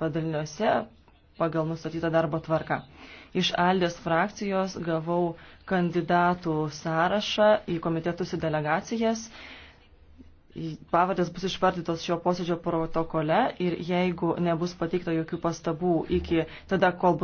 padaliniuose pagal nustatytą darbo tvarką. Iš Aldės frakcijos gavau kandidatų sąrašą į komitetus į delegacijas. Pavardės bus išvardytos šio posėdžio protokole ir jeigu nebus pateikta jokių pastabų iki tada, kol bus